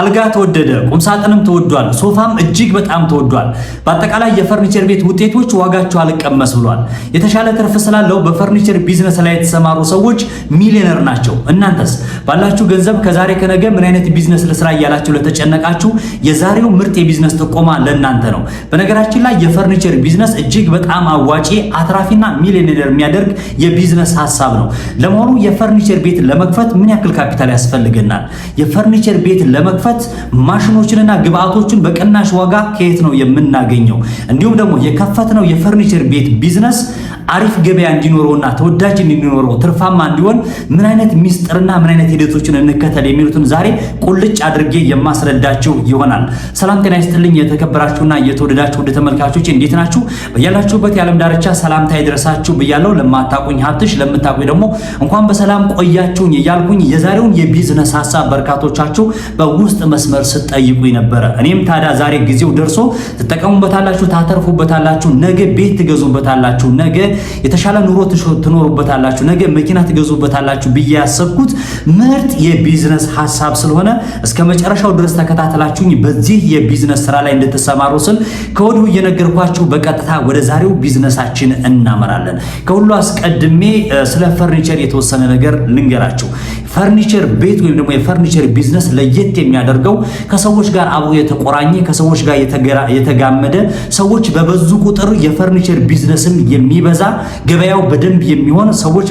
አልጋ ተወደደ፣ ቁምሳጥንም ተወዷል፣ ሶፋም እጅግ በጣም ተወዷል። በአጠቃላይ የፈርኒቸር ቤት ውጤቶች ዋጋቸው አልቀመስ ብሏል። የተሻለ ትርፍ ስላለው በፈርኒቸር ቢዝነስ ላይ የተሰማሩ ሰዎች ሚሊዮነር ናቸው። እናንተስ ባላችሁ ገንዘብ ከዛሬ ከነገ ምን አይነት ቢዝነስ ልስራ እያላችሁ ለተጨነቃችሁ የዛሬው ምርጥ የቢዝነስ ጥቆማ ለእናንተ ነው። በነገራችን ላይ የፈርኒቸር ቢዝነስ እጅግ በጣም አዋጪ፣ አትራፊና ሚሊዮነር የሚያደርግ የቢዝነስ ሀሳብ ነው። ለመሆኑ የፈርኒቸር ቤት ለመክፈት ምን ያክል ካፒታል ያስፈልገናል? የፈርኒቸር ቤት ለመክፈት ለመክፈት ማሽኖችንና ግብአቶችን በቅናሽ ዋጋ ከየት ነው የምናገኘው? እንዲሁም ደግሞ የከፈትነው የፈርኒቸር ቤት ቢዝነስ አሪፍ ገበያ እንዲኖረውና ተወዳጅ እንዲኖረው ትርፋማ እንዲሆን ምን አይነት ሚስጥርና ምን አይነት ሂደቶችን እንከተል የሚሉትን ዛሬ ቁልጭ አድርጌ የማስረዳችሁ ይሆናል። ሰላም ጤና ይስጥልኝ። የተከበራችሁና የተወደዳችሁ ወደ ተመልካቾች እንዴት ናችሁ? በያላችሁበት የዓለም ዳርቻ ሰላምታ ይድረሳችሁ ብያለሁ። ለማታቁኝ ሀብትሽ፣ ለምታቁኝ ደግሞ እንኳን በሰላም ቆያችሁኝ እያልኩኝ የዛሬውን የቢዝነስ ሀሳብ በርካቶቻችሁ በውስጥ መስመር ስትጠይቁኝ ነበረ። እኔም ታዲያ ዛሬ ጊዜው ደርሶ ትጠቀሙበታላችሁ፣ ታተርፉበታላችሁ፣ ነገ ቤት ትገዙበታላችሁ፣ ነገ የተሻለ ኑሮ ትኖሩበታላችሁ፣ ነገ መኪና ትገዙበታላችሁ ብዬ ያሰብኩት ምርጥ የቢዝነስ ሀሳብ ስለሆነ እስከ መጨረሻው ድረስ ተከታተላችሁኝ። በዚህ የቢዝነስ ስራ ላይ እንድትሰማሩ ስል ከወዲሁ እየነገርኳችሁ በቀጥታ ወደ ዛሬው ቢዝነሳችን እናመራለን። ከሁሉ አስቀድሜ ስለ ፈርኒቸር የተወሰነ ነገር ልንገራችሁ። ፈርኒቸር ቤት ወይም ደግሞ የፈርኒቸር ቢዝነስ ለየት የሚያደርገው ከሰዎች ጋር አብሮ የተቆራኘ ከሰዎች ጋር የተጋመደ ሰዎች በበዙ ቁጥር የፈርኒቸር ቢዝነስም የሚበዛ ገበያው በደንብ የሚሆን ሰዎች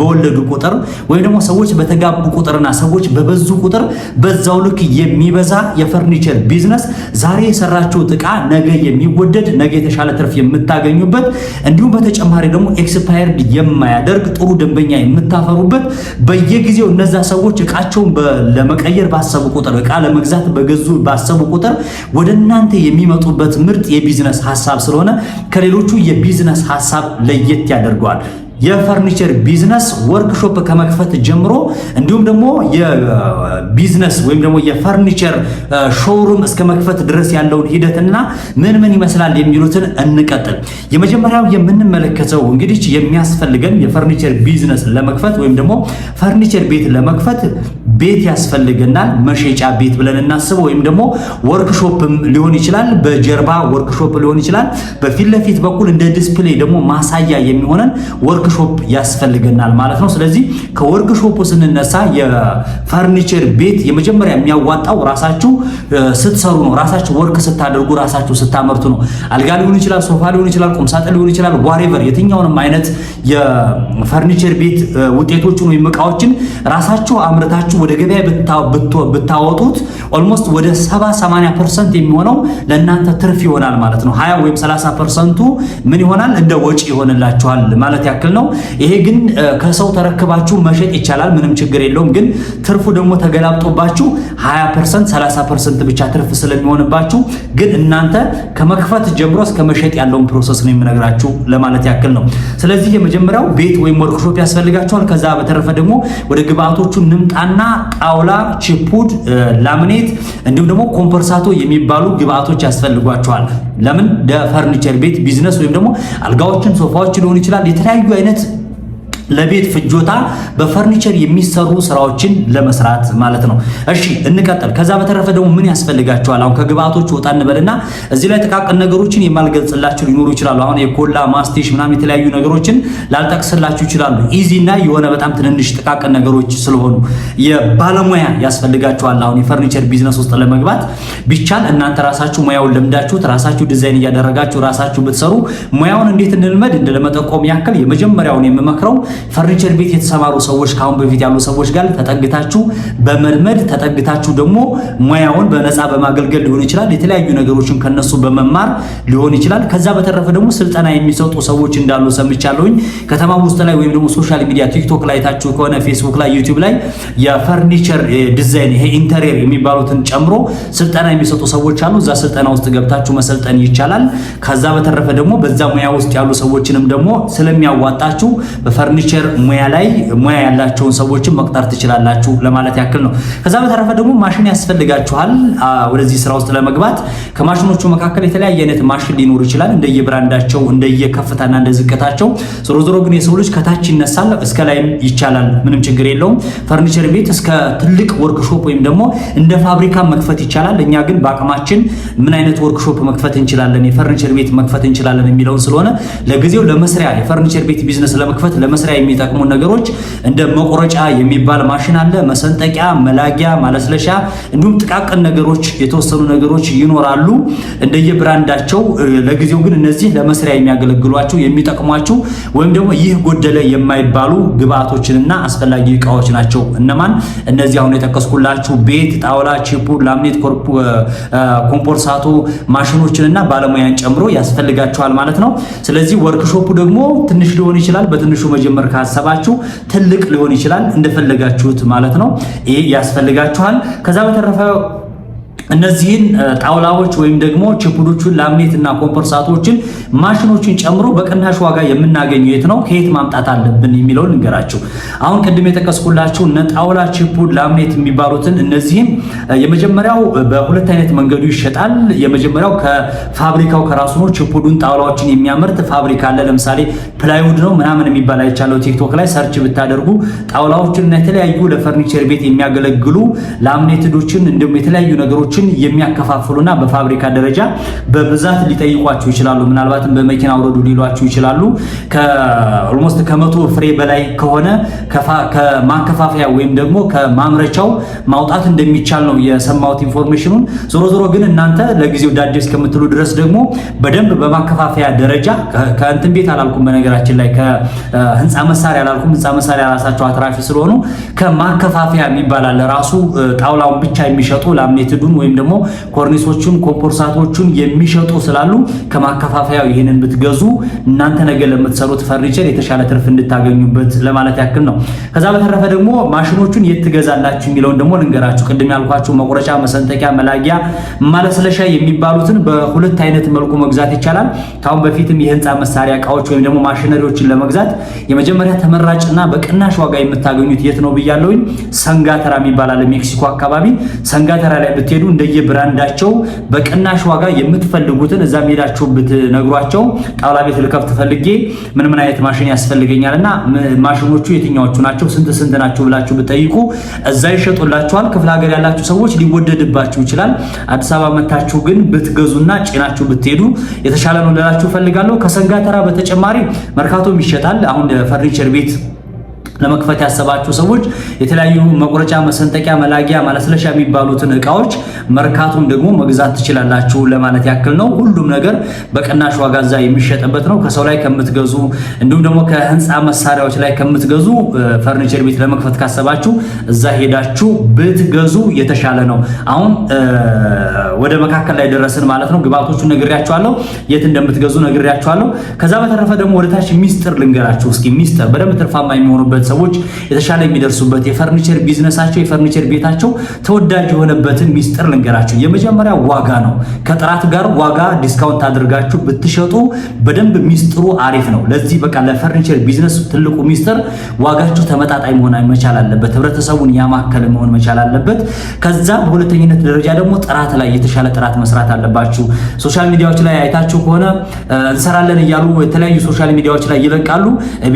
በወለዱ ቁጥር ወይም ደግሞ ሰዎች በተጋቡ ቁጥርና ሰዎች በበዙ ቁጥር በዛው ልክ የሚበዛ የፈርኒቸር ቢዝነስ ዛሬ የሰራችሁት ጥቃ ነገ የሚወደድ ነገ የተሻለ ትርፍ የምታገኙበት እንዲሁም በተጨማሪ ደግሞ ኤክስፓየርድ የማያደርግ ጥሩ ደንበኛ የምታፈሩበት በየጊዜው እነዛ ሰዎች እቃቸውን ለመቀየር ባሰቡ ቁጥር እቃ ለመግዛት በገዙ ባሰቡ ቁጥር ወደ እናንተ የሚመጡበት ምርጥ የቢዝነስ ሀሳብ ስለሆነ ከሌሎቹ የቢዝነስ ሀሳብ ለየት ያደርገዋል። የፈርኒቸር ቢዝነስ ወርክሾፕ ከመክፈት ጀምሮ እንዲሁም ደግሞ የቢዝነስ ወይም ደግሞ የፈርኒቸር ሾውሩም እስከ መክፈት ድረስ ያለውን ሂደትና ምን ምን ይመስላል የሚሉትን እንቀጥል። የመጀመሪያው የምንመለከተው እንግዲህ የሚያስፈልገን የፈርኒቸር ቢዝነስ ለመክፈት ወይም ደግሞ ፈርኒቸር ቤት ለመክፈት ቤት ያስፈልገናል። መሸጫ ቤት ብለን እናስብ፣ ወይም ደግሞ ወርክሾፕም ሊሆን ይችላል። በጀርባ ወርክሾፕ ሊሆን ይችላል። በፊት ለፊት በኩል እንደ ዲስፕሌይ ደግሞ ማሳያ የሚሆነን ወርክሾፕ ያስፈልገናል ማለት ነው። ስለዚህ ከወርክሾፑ ስንነሳ የፈርኒቸር ቤት የመጀመሪያ የሚያዋጣው ራሳችሁ ስትሰሩ ነው። ራሳችሁ ወርክ ስታደርጉ፣ ራሳችሁ ስታመርቱ ነው። አልጋ ሊሆን ይችላል፣ ሶፋ ሊሆን ይችላል፣ ቁምሳጥን ሊሆን ይችላል። ዋሬቨር የትኛውንም አይነት የፈርኒቸር ቤት ውጤቶችን ወይም እቃዎችን ራሳችሁ አምርታችሁ ወደ ገበያ ብታወጡት ኦልሞስት ወደ 70 80 ፐርሰንት የሚሆነው ለእናንተ ትርፍ ይሆናል ማለት ነው። 20 ወይም 30 ፐርሰንቱ ምን ይሆናል እንደ ወጪ ይሆንላችኋል ማለት ያክል ነው። ይሄ ግን ከሰው ተረክባችሁ መሸጥ ይቻላል፣ ምንም ችግር የለውም። ግን ትርፉ ደግሞ ተገላብጦባችሁ 20 ፐርሰንት 30 ፐርሰንት ብቻ ትርፍ ስለሚሆንባችሁ ግን እናንተ ከመክፈት ጀምሮ እስከ መሸጥ ያለውን ፕሮሰስ ነው የምነግራችሁ ለማለት ያክል ነው። ስለዚህ የመጀመሪያው ቤት ወይም ወርክሾፕ ያስፈልጋችኋል። ከዛ በተረፈ ደግሞ ወደ ግብአቶቹ ንምጣና ጣውላ፣ ቺፑድ፣ ላምኔት እንዲሁም ደግሞ ኮምፐርሳቶ የሚባሉ ግብአቶች ያስፈልጓቸዋል። ለምን ለፈርኒቸር ቤት ቢዝነስ ወይም ደግሞ አልጋዎችን፣ ሶፋዎች ሊሆን ይችላል የተለያዩ አይነት ለቤት ፍጆታ በፈርኒቸር የሚሰሩ ስራዎችን ለመስራት ማለት ነው። እሺ እንቀጥል። ከዛ በተረፈ ደግሞ ምን ያስፈልጋቸዋል? አሁን ከግብአቶች ወጣ እንበልና እዚህ ላይ ጥቃቅን ነገሮችን የማልገልጽላችሁ ሊኖሩ ይችላሉ። አሁን የኮላ ማስቴሽ ምናምን የተለያዩ ነገሮችን ላልጠቅስላችሁ ይችላሉ። ኢዚ እና የሆነ በጣም ትንንሽ ጥቃቅን ነገሮች ስለሆኑ የባለሙያ ያስፈልጋቸዋል። አሁን የፈርኒቸር ቢዝነስ ውስጥ ለመግባት ቢቻል እናንተ ራሳችሁ ሙያውን ለምዳችሁት ራሳችሁ ዲዛይን እያደረጋችሁ ራሳችሁ ብትሰሩ ሙያውን እንዴት እንልመድ እንደለመጠቆም ያክል የመጀመሪያውን የምመክረው ፈርኒቸር ቤት የተሰማሩ ሰዎች ካሁን በፊት ያሉ ሰዎች ጋር ተጠግታችሁ በመልመድ ተጠግታችሁ ደግሞ ሙያውን በነፃ በማገልገል ሊሆን ይችላል። የተለያዩ ነገሮችን ከነሱ በመማር ሊሆን ይችላል። ከዛ በተረፈ ደግሞ ስልጠና የሚሰጡ ሰዎች እንዳሉ ሰምቻለሁኝ። ከተማ ውስጥ ላይ ወይም ደግሞ ሶሻል ሚዲያ ቲክቶክ ላይ ታችሁ ከሆነ ፌስቡክ ላይ ዩቲዩብ ላይ የፈርኒቸር ዲዛይን ይሄ ኢንተሪየር የሚባሉትን ጨምሮ ስልጠና የሚሰጡ ሰዎች አሉ። እዛ ስልጠና ውስጥ ገብታችሁ መሰልጠን ይቻላል። ከዛ በተረፈ ደግሞ በዛ ሙያ ውስጥ ያሉ ሰዎችንም ደግሞ ስለሚያዋጣችሁ በፈርኒ የፈርኒቸር ሙያ ላይ ሙያ ያላቸውን ሰዎችን መቅጠር ትችላላችሁ ለማለት ያክል ነው። ከዛ በተረፈ ደግሞ ማሽን ያስፈልጋችኋል ወደዚህ ስራ ውስጥ ለመግባት። ከማሽኖቹ መካከል የተለያየ አይነት ማሽን ሊኖር ይችላል እንደየብራንዳቸው፣ እንደ እንደዝቅታቸው። ዞሮ ዞሮ ግን የሰው ልጅ ከታች ይነሳል እስከ ላይም ይቻላል፣ ምንም ችግር የለውም። ፈርኒቸር ቤት እስከ ትልቅ ወርክሾፕ ወይም ደግሞ እንደ ፋብሪካ መክፈት ይቻላል። እኛ ግን በአቅማችን ምን አይነት ወርክሾፕ መክፈት እንችላለን፣ የፈርኒቸር ቤት መክፈት እንችላለን የሚለውን ስለሆነ ለጊዜው ለመስሪያ የፈርኒቸር ቤት ቢዝነስ ለመክፈት ለመስሪያ የሚጠቅሙ ነገሮች እንደ መቁረጫ የሚባል ማሽን አለ፣ መሰንጠቂያ፣ መላጊያ፣ ማለስለሻ እንዲሁም ጥቃቅን ነገሮች የተወሰኑ ነገሮች ይኖራሉ እንደየብራንዳቸው። ለጊዜው ግን እነዚህ ለመስሪያ የሚያገለግሏችሁ የሚጠቅሟችሁ ወይም ደግሞ ይህ ጎደለ የማይባሉ ግብአቶችንና አስፈላጊ እቃዎች ናቸው። እነማን እነዚህ አሁን የጠቀስኩላችሁ ቤት፣ ጣውላ፣ ቺፑ፣ ላምኔት፣ ኮምፖርሳቶ ማሽኖችንና ባለሙያን ጨምሮ ያስፈልጋቸዋል ማለት ነው። ስለዚህ ወርክሾፑ ደግሞ ትንሽ ሊሆን ይችላል። በትንሹ መጀመር መጀመር ካሰባችሁ ትልቅ ሊሆን ይችላል እንደፈለጋችሁት ማለት ነው። ይህ ያስፈልጋችኋል። ከዛ በተረፈ እነዚህን ጣውላዎች ወይም ደግሞ ቺፑዶቹን ላምኔት እና ኮምፐርሳቶችን ማሽኖችን ጨምሮ በቅናሽ ዋጋ የምናገኘው የት ነው ከየት ማምጣት አለብን የሚለውን እንገራቸው። አሁን ቅድም የጠቀስኩላቸው እነ ጣውላ፣ ቺፑድ፣ ላምኔት የሚባሉትን እነዚህም የመጀመሪያው በሁለት አይነት መንገዱ ይሸጣል። የመጀመሪያው ከፋብሪካው ከራሱ ነው። ቺፑዱን ጣውላዎችን የሚያመርት ፋብሪካ አለ። ለምሳሌ ፕላይውድ ነው ምናምን የሚባል አይቻለው ቲክቶክ ላይ ሰርች ብታደርጉ ጣውላዎችን እና የተለያዩ ለፈርኒቸር ቤት የሚያገለግሉ ላምኔትዶችን እንዲሁም የተለያዩ ነገሮች ሾፌሮችን የሚያከፋፍሉና በፋብሪካ ደረጃ በብዛት ሊጠይቋችሁ ይችላሉ። ምናልባትም በመኪና አውረዱ ሊሏችሁ ይችላሉ። ከኦልሞስት ከመቶ ፍሬ በላይ ከሆነ ከማከፋፈያ ወይም ደግሞ ከማምረቻው ማውጣት እንደሚቻል ነው የሰማሁት ኢንፎርሜሽኑን። ዞሮ ዞሮ ግን እናንተ ለጊዜው ዳዴ እስከምትሉ ድረስ ደግሞ በደንብ በማከፋፈያ ደረጃ ከእንትን ቤት አላልኩም፣ በነገራችን ላይ ከህንፃ መሳሪያ አላልኩም። ህንፃ መሳሪያ ራሳቸው አትራፊ ስለሆኑ ከማከፋፈያ የሚባል አለ ራሱ ጣውላውን ብቻ የሚሸጡ ላምኔትዱን ወይም ደግሞ ኮርኒሶቹን፣ ኮምፖርሳቶቹን የሚሸጡ ስላሉ ከማከፋፈያው ይህንን ብትገዙ እናንተ ነገ ለምትሰሩት ፈርኒቸር የተሻለ ትርፍ እንድታገኙበት ለማለት ያክል ነው። ከዛ በተረፈ ደግሞ ማሽኖቹን የት ትገዛላችሁ የሚለውን ደግሞ ልንገራችሁ። ቅድም ያልኳችሁ መቁረጫ፣ መሰንጠቂያ፣ መላጊያ፣ ማለስለሻ የሚባሉትን በሁለት አይነት መልኩ መግዛት ይቻላል። ካሁን በፊትም የህንፃ መሳሪያ እቃዎች ወይም ደግሞ ማሽነሪዎችን ለመግዛት የመጀመሪያ ተመራጭና በቅናሽ ዋጋ የምታገኙት የት ነው ብያለሁኝ። ሰንጋተራ የሚባላል ሜክሲኮ አካባቢ። ሰንጋተራ ላይ ብትሄዱ ስትሄዱ እንደየብራንዳቸው በቅናሽ ዋጋ የምትፈልጉትን እዛ ሄዳችሁ ብትነግሯቸው ጣውላ ቤት ልከፍት ፈልጌ ምን ምን አይነት ማሽን ያስፈልገኛል እና ማሽኖቹ የትኛዎቹ ናቸው፣ ስንት ስንት ናቸው ብላችሁ ብትጠይቁ እዛ ይሸጡላችኋል። ክፍለ ሀገር ያላችሁ ሰዎች ሊወደድባችሁ ይችላል። አዲስ አበባ መታችሁ ግን ብትገዙና ጭናችሁ ብትሄዱ የተሻለ ነው ልላችሁ ፈልጋለሁ። ከሰንጋተራ በተጨማሪ መርካቶም ይሸጣል። አሁን ፈርኒቸር ቤት ለመክፈት ያሰባችሁ ሰዎች የተለያዩ መቁረጫ፣ መሰንጠቂያ፣ መላጊያ፣ ማለስለሻ የሚባሉትን እቃዎች መርካቱን ደግሞ መግዛት ትችላላችሁ ለማለት ያክል ነው። ሁሉም ነገር በቅናሽ ዋጋ እዛ የሚሸጥበት ነው። ከሰው ላይ ከምትገዙ እንዲሁም ደግሞ ከህንፃ መሳሪያዎች ላይ ከምትገዙ ፈርኒቸር ቤት ለመክፈት ካሰባችሁ እዛ ሄዳችሁ ብትገዙ የተሻለ ነው። አሁን ወደ መካከል ላይ ደረስን ማለት ነው። ግብአቶቹን ነግሬያችኋለሁ፣ የት እንደምትገዙ ነግሬያችኋለሁ። ከዛ በተረፈ ደግሞ ወደታች ሚስጥር ልንገራችሁ እስኪ ሚስጥር በደንብ ትርፋማ የሚሆኑበት ሰዎች የተሻለ የሚደርሱበት የፈርኒቸር ቢዝነሳቸው የፈርኒቸር ቤታቸው ተወዳጅ የሆነበትን ሚስጥር ልንገራቸው። የመጀመሪያ ዋጋ ነው። ከጥራት ጋር ዋጋ ዲስካውንት አድርጋችሁ ብትሸጡ በደንብ ሚስጥሩ አሪፍ ነው። ለዚህ በቃ ለፈርኒቸር ቢዝነስ ትልቁ ሚስጥር ዋጋችሁ ተመጣጣኝ መሆን መቻል አለበት። ህብረተሰቡን ያማከለ መሆን መቻል አለበት። ከዛ በሁለተኝነት ደረጃ ደግሞ ጥራት ላይ የተሻለ ጥራት መስራት አለባችሁ። ሶሻል ሚዲያዎች ላይ አይታችሁ ከሆነ እንሰራለን እያሉ የተለያዩ ሶሻል ሚዲያዎች ላይ ይለቃሉ።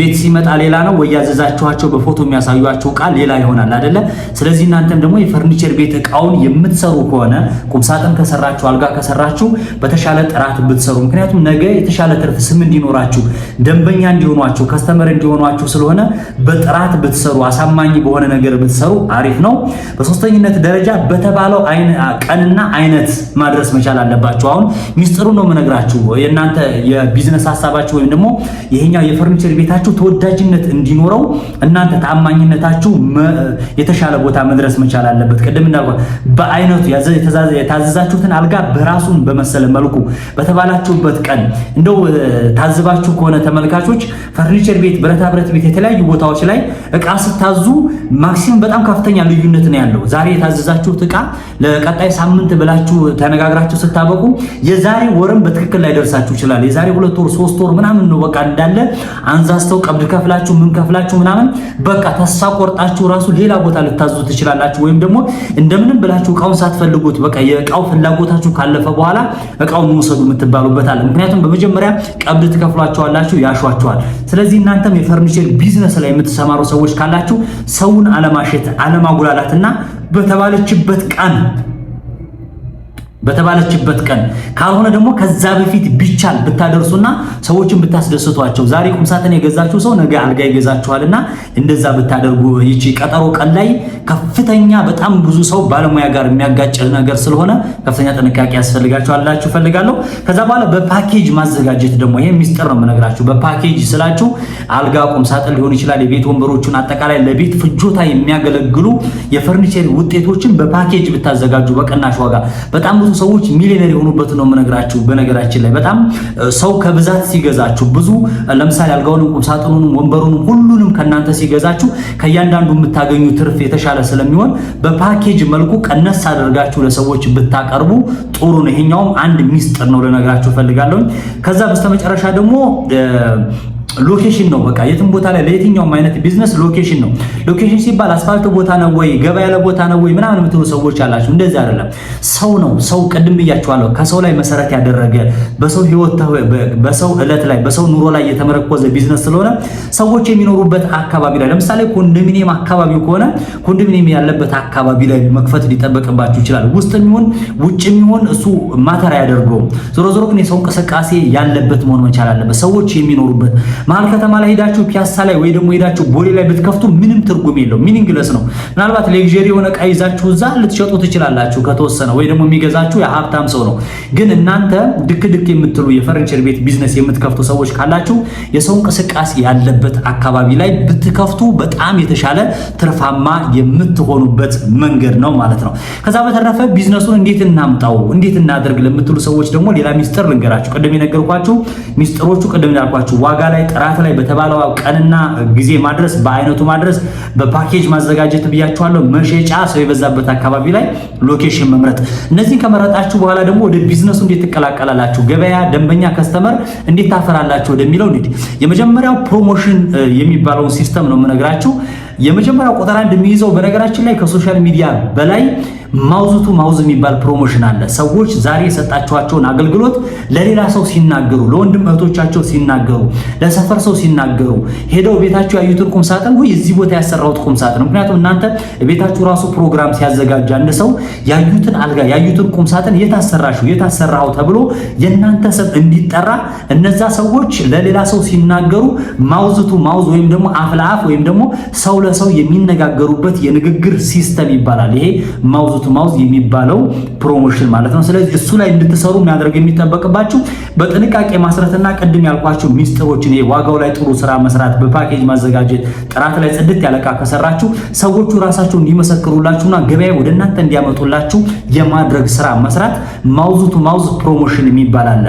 ቤት ሲመጣ ሌላ ነው ወይ ያላችኋቸው በፎቶ የሚያሳዩቸው ቃል ሌላ ይሆናል አይደለ? ስለዚህ እናንተም ደግሞ የፈርኒቸር ቤት እቃውን የምትሰሩ ከሆነ ቁምሳጥን ከሰራችሁ፣ አልጋ ከሰራችሁ በተሻለ ጥራት ብትሰሩ፣ ምክንያቱም ነገ የተሻለ ትርፍ ስም እንዲኖራችሁ፣ ደንበኛ እንዲሆኗችሁ፣ ከስተመር እንዲሆኗችሁ ስለሆነ በጥራት ብትሰሩ፣ አሳማኝ በሆነ ነገር ብትሰሩ አሪፍ ነው። በሶስተኝነት ደረጃ በተባለው ቀንና አይነት ማድረስ መቻል አለባችሁ። አሁን ሚስጥሩ ነው የምነግራችሁ። የእናንተ የቢዝነስ ሀሳባችሁ ወይም ደግሞ ይሄኛው የፈርኒቸር ቤታችሁ ተወዳጅነት እንዲኖረው እናንተ ታማኝነታችሁ የተሻለ ቦታ መድረስ መቻል አለበት። ቅድም እንዳልኩ በአይነቱ የታዘዛችሁትን አልጋ በራሱን በመሰለ መልኩ በተባላችሁበት ቀን እንደው ታዝባችሁ ከሆነ ተመልካቾች፣ ፈርኒቸር ቤት፣ ብረታ ብረት ቤት፣ የተለያዩ ቦታዎች ላይ እቃ ስታዙ ማክሲም በጣም ከፍተኛ ልዩነት ነው ያለው። ዛሬ የታዘዛችሁት እቃ ለቀጣይ ሳምንት ብላችሁ ተነጋግራችሁ ስታበቁ የዛሬ ወርም በትክክል ላይ ደርሳችሁ ይችላል። የዛሬ ሁለት ወር ሶስት ወር ምናምን ነው በቃ እንዳለ አንዛስተው ቀብድ ከፍላችሁ ምን ከፍላችሁ ምናምን ምናምን በቃ ተስፋ ቆርጣችሁ ራሱ ሌላ ቦታ ልታዙ ትችላላችሁ። ወይም ደግሞ እንደምንም ብላችሁ እቃውን ሳትፈልጉት በቃ የእቃው ፍላጎታችሁ ካለፈ በኋላ እቃውን ውሰዱ የምትባሉበት አለ። ምክንያቱም በመጀመሪያ ቀብድ ትከፍሏቸዋላችሁ፣ ያሿቸዋል። ስለዚህ እናንተም የፈርኒቸር ቢዝነስ ላይ የምትሰማሩ ሰዎች ካላችሁ ሰውን አለማሸት አለማጉላላትና በተባለችበት ቀን በተባለችበት ቀን ካልሆነ ደግሞ ከዛ በፊት ቢቻል ብታደርሱና ሰዎችን ብታስደስቷቸው። ዛሬ ቁምሳጥን የገዛችሁ ሰው ነገ አልጋ ይገዛችኋልና እንደዛ ብታደርጉ ይቺ ቀጠሮ ቀን ላይ ከፍተኛ በጣም ብዙ ሰው ባለሙያ ጋር የሚያጋጭ ነገር ስለሆነ ከፍተኛ ጥንቃቄ ያስፈልጋችኋላችሁ ፈልጋለሁ። ከዛ በኋላ በፓኬጅ ማዘጋጀት ደግሞ ይሄ ሚስጥር ነው የምነግራችሁ። በፓኬጅ ስላችሁ አልጋ፣ ቁምሳጥን ሊሆን ይችላል የቤት ወንበሮቹን፣ አጠቃላይ ለቤት ፍጆታ የሚያገለግሉ የፈርኒቸር ውጤቶችን በፓኬጅ ብታዘጋጁ በቀናሽ ዋጋ በጣም ብዙ ሰዎች ሚሊዮነር የሆኑበት ነው የምነግራችሁ። በነገራችን ላይ በጣም ሰው ከብዛት ሲገዛችሁ ብዙ ለምሳሌ አልጋውንም፣ ቁምሳጥኑንም፣ ወንበሩንም ሁሉንም ከእናንተ ሲገዛችሁ ከእያንዳንዱ የምታገኙ ትርፍ የተሻለ ስለሚሆን በፓኬጅ መልኩ ቀነስ አድርጋችሁ ለሰዎች ብታቀርቡ ጥሩ ነው። ይሄኛውም አንድ ሚስጥር ነው ልነግራችሁ ፈልጋለሁ። ከዛ በስተመጨረሻ ደግሞ ሎኬሽን ነው። በቃ የትም ቦታ ላይ ለየትኛውም አይነት ቢዝነስ ሎኬሽን ነው። ሎኬሽን ሲባል አስፋልት ቦታ ነው ወይ ገበያ ያለ ቦታ ነው ወይ ምናምን የምትሉ ሰዎች አላችሁ። እንደዚህ አይደለም። ሰው ነው። ሰው ቅድም ብያችኋለሁ፣ ከሰው ላይ መሰረት ያደረገ በሰው ህይወት፣ በሰው እለት ላይ፣ በሰው ኑሮ ላይ የተመረኮዘ ቢዝነስ ስለሆነ ሰዎች የሚኖሩበት አካባቢ ላይ ለምሳሌ ኮንዶሚኒየም አካባቢው ከሆነ ኮንዶሚኒየም ያለበት አካባቢ ላይ መክፈት ሊጠበቅባችሁ ይችላል። ውስጥ የሚሆን ውጭ የሚሆን እሱ ማተር አያደርገውም። ዞሮ ዞሮ ግን የሰው እንቅስቃሴ ያለበት መሆን መቻል አለበት፣ ሰዎች የሚኖሩበት መሀል ከተማ ላይ ሄዳችሁ ፒያሳ ላይ ወይ ደግሞ ሄዳችሁ ቦሌ ላይ ብትከፍቱ ምንም ትርጉም የለው፣ ሚኒንግለስ ነው። ምናልባት ሌግዥሪ የሆነ ዕቃ ይዛችሁ እዛ ልትሸጡ ትችላላችሁ ከተወሰነ ወይ ደግሞ የሚገዛችሁ የሀብታም ሰው ነው። ግን እናንተ ድክ ድክ የምትሉ የፈርኒቸር ቤት ቢዝነስ የምትከፍቱ ሰዎች ካላችሁ የሰው እንቅስቃሴ ያለበት አካባቢ ላይ ብትከፍቱ በጣም የተሻለ ትርፋማ የምትሆኑበት መንገድ ነው ማለት ነው። ከዛ በተረፈ ቢዝነሱን እንዴት እናምጣው እንዴት እናደርግ ለምትሉ ሰዎች ደግሞ ሌላ ሚስጥር ልንገራችሁ። ቅድም የነገርኳችሁ ሚስጥሮቹ ቅድም ያልኳችሁ ዋጋ ላይ ጥራት ላይ በተባለው ቀንና ጊዜ ማድረስ፣ በአይነቱ ማድረስ፣ በፓኬጅ ማዘጋጀት ብያችኋለሁ። መሸጫ ሰው የበዛበት አካባቢ ላይ ሎኬሽን መምረጥ። እነዚህን ከመረጣችሁ በኋላ ደግሞ ወደ ቢዝነሱ እንዴት ትቀላቀላላችሁ፣ ገበያ፣ ደንበኛ፣ ከስተመር እንዴት ታፈራላችሁ ወደሚለው እንሂድ። የመጀመሪያው ፕሮሞሽን የሚባለውን ሲስተም ነው የምነግራችሁ። የመጀመሪያው ቁጥር አንድ የሚይዘው በነገራችን ላይ ከሶሻል ሚዲያ በላይ ማውዝቱ ማውዝ የሚባል ፕሮሞሽን አለ። ሰዎች ዛሬ የሰጣችኋቸውን አገልግሎት ለሌላ ሰው ሲናገሩ፣ ለወንድም እህቶቻቸው ሲናገሩ፣ ለሰፈር ሰው ሲናገሩ ሄደው ቤታቸው ያዩትን ቁም ሳጥን ወይ እዚህ ቦታ ያሰራሁት ቁም ሳጥን። ምክንያቱም እናንተ ቤታችሁ ራሱ ፕሮግራም ሲያዘጋጅ አንድ ሰው ያዩትን አልጋ ያዩትን ቁም ሳጥን የት የታሰራው ተብሎ የእናንተ ስም እንዲጠራ እነዛ ሰዎች ለሌላ ሰው ሲናገሩ ማውዝቱ ማውዝ ወይም ደግሞ አፍ ለአፍ ወይም ደግሞ ሰው ለሰው የሚነጋገሩበት የንግግር ሲስተም ይባላል። ይሄ ማውዝ ቱ ማውዝ የሚባለው ፕሮሞሽን ማለት ነው። ስለዚህ እሱ ላይ እንድትሰሩ የሚያደርግ የሚጠበቅባችሁ በጥንቃቄ ማስረትና ቅድም ያልኳችሁ ሚስጥሮችን ይሄ ዋጋው ላይ ጥሩ ስራ መስራት፣ በፓኬጅ ማዘጋጀት፣ ጥራት ላይ ጽድት ያለቃ ከሰራችሁ ሰዎቹ ራሳቸው እንዲመሰክሩላችሁና ገበያ ወደ እናንተ እንዲያመጡላችሁ የማድረግ ስራ መስራት ማውዝ ቱ ማውዝ ፕሮሞሽን የሚባል አለ።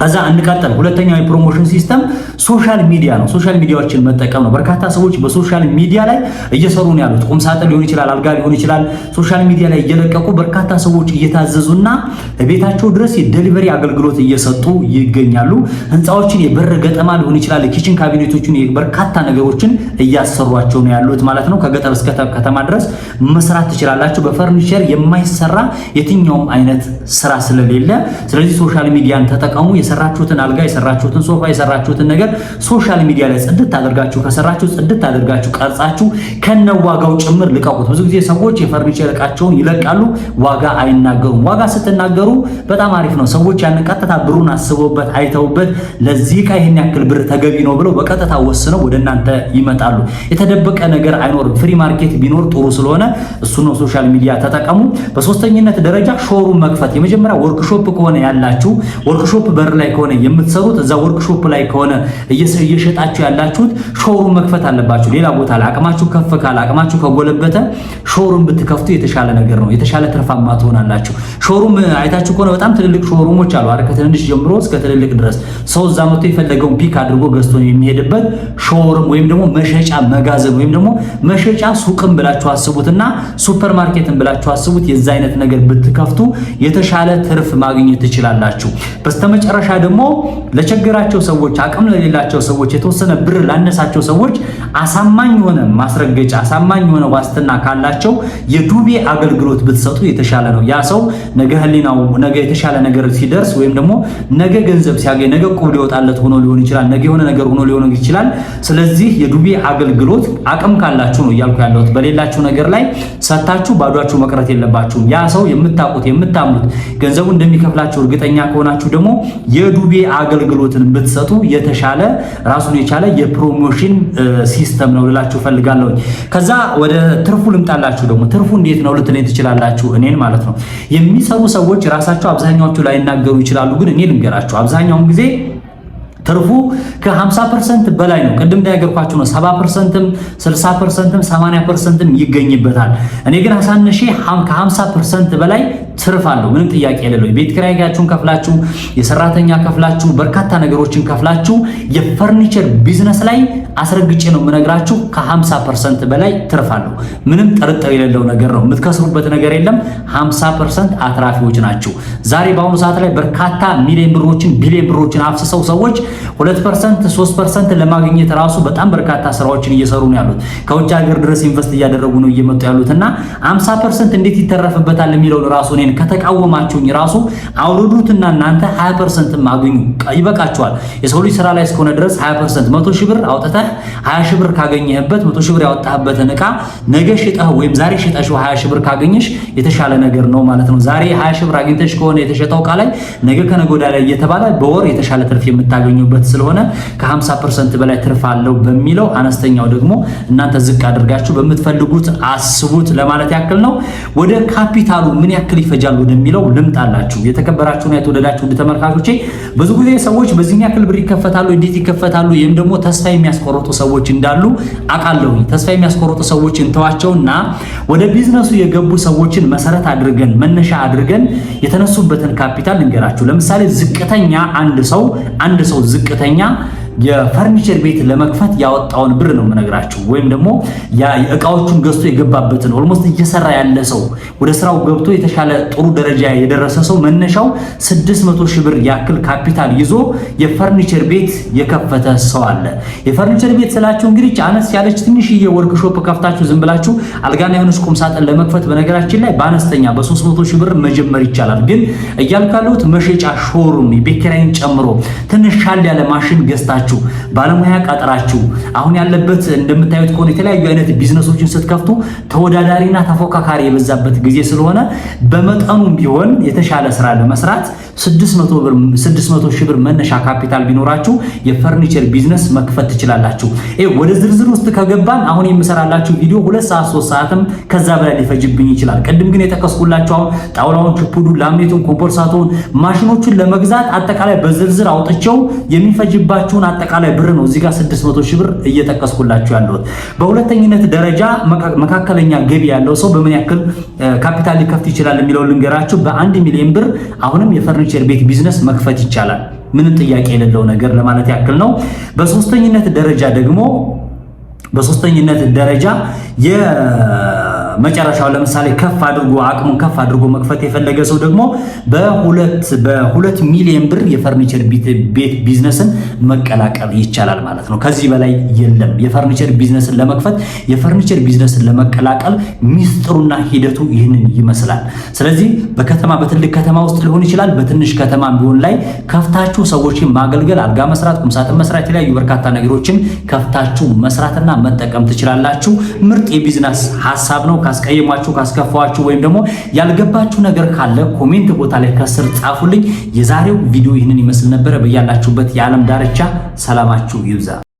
ከዛ እንቀጥል። ሁለተኛው የፕሮሞሽን ሲስተም ሶሻል ሚዲያ ነው። ሶሻል ሚዲያዎችን መጠቀም ነው። በርካታ ሰዎች በሶሻል ሚዲያ ላይ እየሰሩ ነው ያሉት። ቁም ሳጥን ሊሆን ይችላል፣ አልጋ ሊሆን ይችላል። ሶሻል ሚዲያ ላይ እየለቀቁ በርካታ ሰዎች እየታዘዙና ቤታቸው ድረስ የዴሊቨሪ አገልግሎት እየሰጡ ይገኛሉ። ህንፃዎችን የበር ገጠማ ሊሆን ይችላል፣ ኪችን ካቢኔቶችን፣ በርካታ ነገሮችን እያሰሯቸው ነው ያሉት ማለት ነው። ከገጠር እስከ ከተማ ድረስ መስራት ትችላላችሁ። በፈርኒቸር የማይሰራ የትኛውም አይነት ስራ ስለሌለ፣ ስለዚህ ሶሻል ሚዲያን ተጠቀሙ። የሰራችሁትን አልጋ፣ የሰራችሁትን ሶፋ፣ የሰራችሁትን ነገር ሶሻል ሚዲያ ላይ ጽድት አድርጋችሁ ከሰራችሁ ጽድት አድርጋችሁ ቀርጻችሁ ከነዋጋው ጭምር ልቀቁት። ብዙ ጊዜ ሰዎች የፈርኒቸር እቃቸውን ይለቃሉ፣ ዋጋ አይናገሩም። ዋጋ ስትናገሩ በጣም አሪፍ ነው። ሰዎች ያንን ቀጥታ ብሩን አስበውበት አይተውበት ለዚህ እቃ ይህን ያክል ብር ተገቢ ነው ብለው በቀጥታ ወስነው ወደ እናንተ ይመጣሉ። የተደበቀ ነገር አይኖርም። ፍሪ ማርኬት ቢኖር ጥሩ ስለሆነ እሱ ነው። ሶሻል ሚዲያ ተጠቀሙ። በሶስተኝነት ደረጃ ሾሩም መክፈት የመጀመሪያ ወርክሾፕ ከሆነ ያላችሁ ወርክሾፕ በር ላይ ከሆነ የምትሰሩት እዛ ወርክሾፕ ላይ ከሆነ እየሸጣችሁ ያላችሁት ሾሩም መክፈት አለባችሁ። ሌላ ቦታ ላይ አቅማችሁ ከፍ ካለ አቅማችሁ ከጎለበተ ሾሩም ብትከፍቱ የተሻለ ነገር ነው። የተሻለ ትርፋማ ትሆናላችሁ። ሾሩም አይታችሁ ከሆነ በጣም ትልልቅ ሾሩሞች አሉ አይደል? ከትንንሽ ጀምሮ እስከ ትልልቅ ድረስ ሰው እዛ መጥቶ የፈለገውን ፒክ አድርጎ ገዝቶ የሚሄድበት ሾሩም ወይም ደግሞ መሸጫ መጋዘን ወይም ደግሞ መሸጫ ሱቅም ብላችሁ አስቡትና ሱፐር ብላችሁ አስቡት። የዛ አይነት ነገር ብትከፍቱ የተሻለ ትርፍ ማግኘት ትችላላችሁ። በስተመጨረሻ በመጨረሻ ደግሞ ለቸገራቸው ሰዎች፣ አቅም ለሌላቸው ሰዎች፣ የተወሰነ ብር ላነሳቸው ሰዎች አሳማኝ የሆነ ማስረገጫ፣ አሳማኝ የሆነ ዋስትና ካላቸው የዱቤ አገልግሎት ብትሰጡ የተሻለ ነው። ያ ሰው ነገ ህሊናው ነገ የተሻለ ነገር ሲደርስ ወይም ደግሞ ነገ ገንዘብ ሲያገኝ ነገ ቁብ ሊወጣለት ሆኖ ሊሆን ይችላል። ነገ የሆነ ነገር ሆኖ ሊሆን ይችላል። ስለዚህ የዱቤ አገልግሎት አቅም ካላችሁ ነው እያልኩ ያለሁት። በሌላችሁ ነገር ላይ ሰታችሁ ባዷችሁ መቅረት የለባችሁም። ያ ሰው የምታውቁት የምታምኑት ገንዘቡ እንደሚከፍላችሁ እርግጠኛ ከሆናችሁ ደግሞ የዱቤ አገልግሎትን ብትሰጡ የተሻለ ራሱን የቻለ የፕሮሞሽን ሲስተም ነው ልላችሁ ፈልጋለሁ። ከዛ ወደ ትርፉ ልምጣላችሁ። ደግሞ ትርፉ እንዴት ነው ልትለኝ ትችላላችሁ፣ እኔን ማለት ነው። የሚሰሩ ሰዎች ራሳቸው አብዛኛዎቹ ላይናገሩ ይችላሉ፣ ግን እኔ ልንገራችሁ አብዛኛውን ጊዜ ትርፉ ከ50% በላይ ነው። ቅድም እንዳይገርኳችሁ ነው 70%ም 60%ም 80%ም ይገኝበታል። እኔ ግን አሳነሼ ከ50% በላይ ትርፍ አለው። ምንም ጥያቄ የሌለው የቤት ኪራያችሁን ከፍላችሁ፣ የሰራተኛ ከፍላችሁ፣ በርካታ ነገሮችን ከፍላችሁ የፈርኒቸር ቢዝነስ ላይ አስረግጬ ነው የምነግራችሁ ከ50 ፐርሰንት በላይ ትርፍ አለው። ምንም ጥርጥር የሌለው ነገር ነው። የምትከስሩበት ነገር የለም። 50 ፐርሰንት አትራፊዎች ናቸው። ዛሬ በአሁኑ ሰዓት ላይ በርካታ ሚሊዮን ብሮችን ቢሊዮን ብሮችን አፍስሰው ሰዎች 2 3 ለማግኘት ራሱ በጣም በርካታ ስራዎችን እየሰሩ ነው ያሉት። ከውጭ ሀገር ድረስ ኢንቨስት እያደረጉ ነው እየመጡ ያሉትና 50 ፐርሰንት እንዴት ይተረፍበታል የሚለውን ራሱ እኔ ይህንን ከተቃወማችሁኝ ራሱ አውርዱትና እናንተ 20 ፐርሰንት ማግኙ ይበቃችኋል። የሰው ልጅ ስራ ላይ እስከሆነ ድረስ 20 100 ሺህ ብር አውጥተህ 20 ሺህ ብር ካገኘህበት 100 ሺህ ብር ያወጣህበትን ዕቃ ነገ ሽጠህ ወይም ዛሬ ሽጠሽ 20 ሺህ ብር ካገኘሽ የተሻለ ነገር ነው ማለት ነው። ዛሬ 20 ሺህ ብር አግኝተሽ ከሆነ የተሸጠው እቃ ላይ ነገ ከነገ ወዲያ ላይ እየተባለ በወር የተሻለ ትርፍ የምታገኙበት ስለሆነ ከ50 በላይ ትርፍ አለው በሚለው አነስተኛው ደግሞ እናንተ ዝቅ አድርጋችሁ በምትፈልጉት አስቡት ለማለት ያክል ነው። ወደ ካፒታሉ ምን ያክል ይፈ ይፈጃሉ ወደሚለው ልምጥ አላችሁ። የተከበራችሁና የተወደዳችሁ እንደ ተመልካቾቼ ብዙ ጊዜ ሰዎች በዚህ ያክል ብር ይከፈታሉ፣ እንዴት ይከፈታሉ? ይህም ደግሞ ተስፋ የሚያስቆርጡ ሰዎች እንዳሉ አውቃለሁ። ተስፋ የሚያስቆርጡ ሰዎች እንተዋቸውና ወደ ቢዝነሱ የገቡ ሰዎችን መሰረት አድርገን መነሻ አድርገን የተነሱበትን ካፒታል እንገራችሁ። ለምሳሌ ዝቅተኛ አንድ ሰው አንድ ሰው ዝቅተኛ የፈርኒቸር ቤት ለመክፈት ያወጣውን ብር ነው የምነግራችሁ። ወይም ደግሞ እቃዎቹን ገዝቶ የገባበትን ኦልሞስት እየሰራ ያለ ሰው ወደ ስራው ገብቶ የተሻለ ጥሩ ደረጃ የደረሰ ሰው መነሻው 600 ሺህ ብር ያክል ካፒታል ይዞ የፈርኒቸር ቤት የከፈተ ሰው አለ። የፈርኒቸር ቤት ስላችሁ እንግዲህ አነስ ያለች ትንሽዬ ወርክሾፕ ከፍታችሁ ዝም ብላችሁ አልጋና የሆነች ቁም ሳጥን ለመክፈት በነገራችን ላይ በአነስተኛ በ300 ሺህ ብር መጀመር ይቻላል። ግን እያልካለሁት መሸጫ ሾሩም ቤት ኪራይን ጨምሮ ትንሽ ሻል ያለ ማሽን ገዝታችሁ ቀጥራችሁ ባለሙያ ቀጥራችሁ አሁን ያለበት እንደምታዩት ከሆነ የተለያዩ አይነት ቢዝነሶችን ስትከፍቱ ተወዳዳሪና ተፎካካሪ የበዛበት ጊዜ ስለሆነ በመጠኑም ቢሆን የተሻለ ስራ ለመስራት 600 ሺህ ብር መነሻ ካፒታል ቢኖራችሁ የፈርኒቸር ቢዝነስ መክፈት ትችላላችሁ። ወደ ዝርዝር ውስጥ ከገባን አሁን የምሰራላችሁ ቪዲዮ ሁለት ሰዓት ሶስት ሰዓትም ከዛ በላይ ሊፈጅብኝ ይችላል። ቅድም ግን የጠቀስኩላችሁ አሁን ጣውላውን፣ ችፑዱን፣ ላምኔቱን፣ ኮምፖርሳቶን፣ ማሽኖቹን ለመግዛት አጠቃላይ በዝርዝር አውጥቼው የሚፈጅባችሁን አጠቃላይ ብር ነው እዚህ ጋር 600 ሺህ ብር እየጠቀስኩላችሁ ያለሁት። በሁለተኝነት ደረጃ መካከለኛ ገቢ ያለው ሰው በምን ያክል ካፒታል ሊከፍት ይችላል የሚለው ልንገራችሁ። በአንድ ሚሊዮን ብር አሁንም የፈርኒቸር ቤት ቢዝነስ መክፈት ይቻላል። ምንም ጥያቄ የሌለው ነገር ለማለት ያክል ነው። በሶስተኝነት ደረጃ ደግሞ በሶስተኝነት ደረጃ መጨረሻው ለምሳሌ ከፍ አድርጎ አቅሙን ከፍ አድርጎ መክፈት የፈለገ ሰው ደግሞ በሁለት በሁለት ሚሊዮን ብር የፈርኒቸር ቤት ቢዝነስን መቀላቀል ይቻላል ማለት ነው። ከዚህ በላይ የለም። የፈርኒቸር ቢዝነስን ለመክፈት የፈርኒቸር ቢዝነስን ለመቀላቀል ሚስጥሩና ሂደቱ ይህንን ይመስላል። ስለዚህ በከተማ በትልቅ ከተማ ውስጥ ሊሆን ይችላል፣ በትንሽ ከተማ ቢሆን ላይ ከፍታችሁ ሰዎችን ማገልገል፣ አልጋ መስራት፣ ቁምሳጥን መስራት፣ የተለያዩ በርካታ ነገሮችን ከፍታችሁ መስራትና መጠቀም ትችላላችሁ። ምርጥ የቢዝነስ ሀሳብ ነው። ካስቀየማችሁ፣ ካስከፋዋችሁ ወይም ደግሞ ያልገባችሁ ነገር ካለ ኮሜንት ቦታ ላይ ከስር ጻፉልኝ። የዛሬው ቪዲዮ ይህንን ይመስል ነበረ። በያላችሁበት የዓለም ዳርቻ ሰላማችሁ ይብዛ።